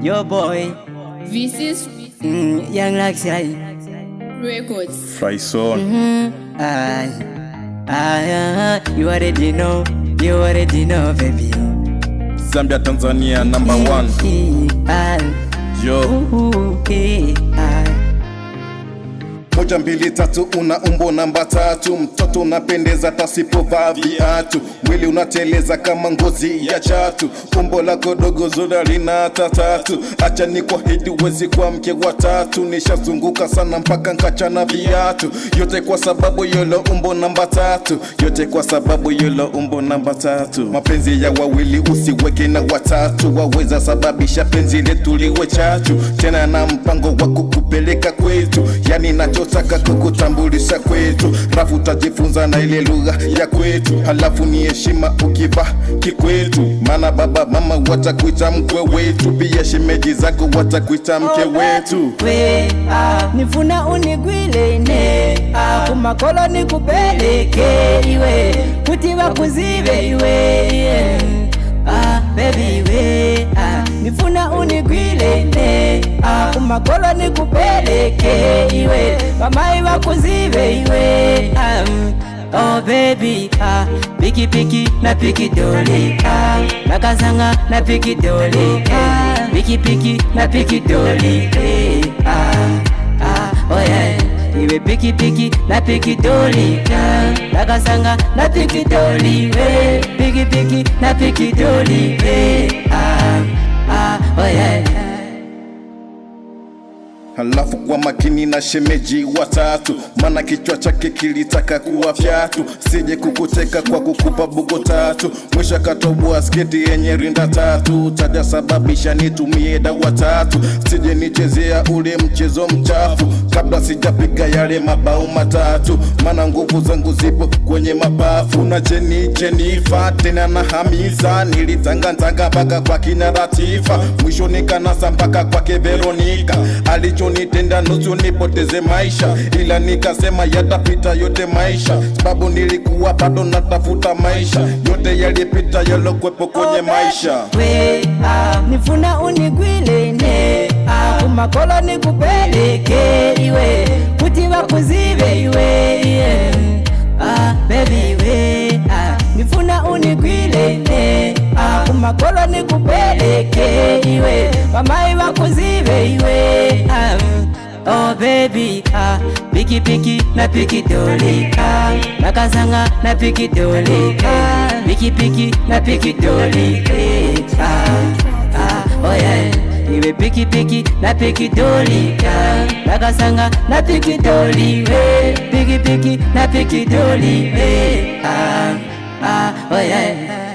Your boy Visis mm, Young Luxury Records Faison mm-hmm. I, I, I, You already know You already know baby Zambia Tanzania number one Yo Ooh, yeah. moja mbili tatu, una umbo namba tatu, mtoto unapendeza pasipovaa viatu, mwili unateleza kama ngozi ya chatu, umbo lako dogo zuri lina tatatu, acha ni kwa hidi wezi kwa mke wa watatu, nishazunguka sana mpaka nkachana viatu, yote kwa sababu yolo umbo namba tatu, yote kwa sababu yolo umbo namba tatu. Mapenzi ya wawili usiweke na watatu, waweza sababisha penzi letu liwe chachu, tena na mpango wa kukupeleka kwetu, yani nachota tunataka tukutambulisha kwetu, rafu utajifunza na ile lugha ya kwetu, halafu ni heshima ukiva kikwetu, maana baba mama watakuita mkwe wetu, pia shemeji zako watakuita mke wetu. nifuna unigwile kumakolo nikupeleke iwe kutiwa kuzive iwe nikupeleke iwe mama iwa kuzibe iwe um, oh baby ah, piki piki na piki doli ah, nakazanga na piki doli ah, piki piki na piki doli eh, ah, ah, oh yeah iwe piki piki na piki doli ah, nakazanga na piki doli we piki piki na piki doli eh, ah, ah, oh yeah Halafu kwa makini na shemeji watatu, mana kichwa chake kilitaka kuwa fyatu, sije kukuteka kwa kukupa bugo tatu. Mwisho akatoboa sketi yenye rinda tatu, tajasababisha nitumie dawa tatu, sije nichezea ule mchezo mchafu, kabla sijapiga yale mabao matatu, mana nguvu zangu zipo kwenye mapafu. Na Jeni Jenifa tena na Hamisa, ntanga mpaka kwa kina Latifa, mwisho nikanasa mpaka kwake Veronika alicho kunitenda nusu nipoteze maisha, ila nikasema yatapita yote maisha, sababu nilikuwa bado natafuta maisha. Yote yalipita yalokwepo kwenye maisha we, ah, nifuna unigwile ne kumakolo ah, nikupeleke iwe kutiwa Makolo ni kupeleke iwe mamayi wakuzibe iwe ah, Oh baby ka Piki piki na piki doli ah. Nakazanga na piki doli ah. Piki piki na piki doli ah, ah. Oh yeah. Iwe piki piki na piki doli ah. Nakazanga na piki doli we Piki piki na piki doli we ah. Ah. Oh yeah.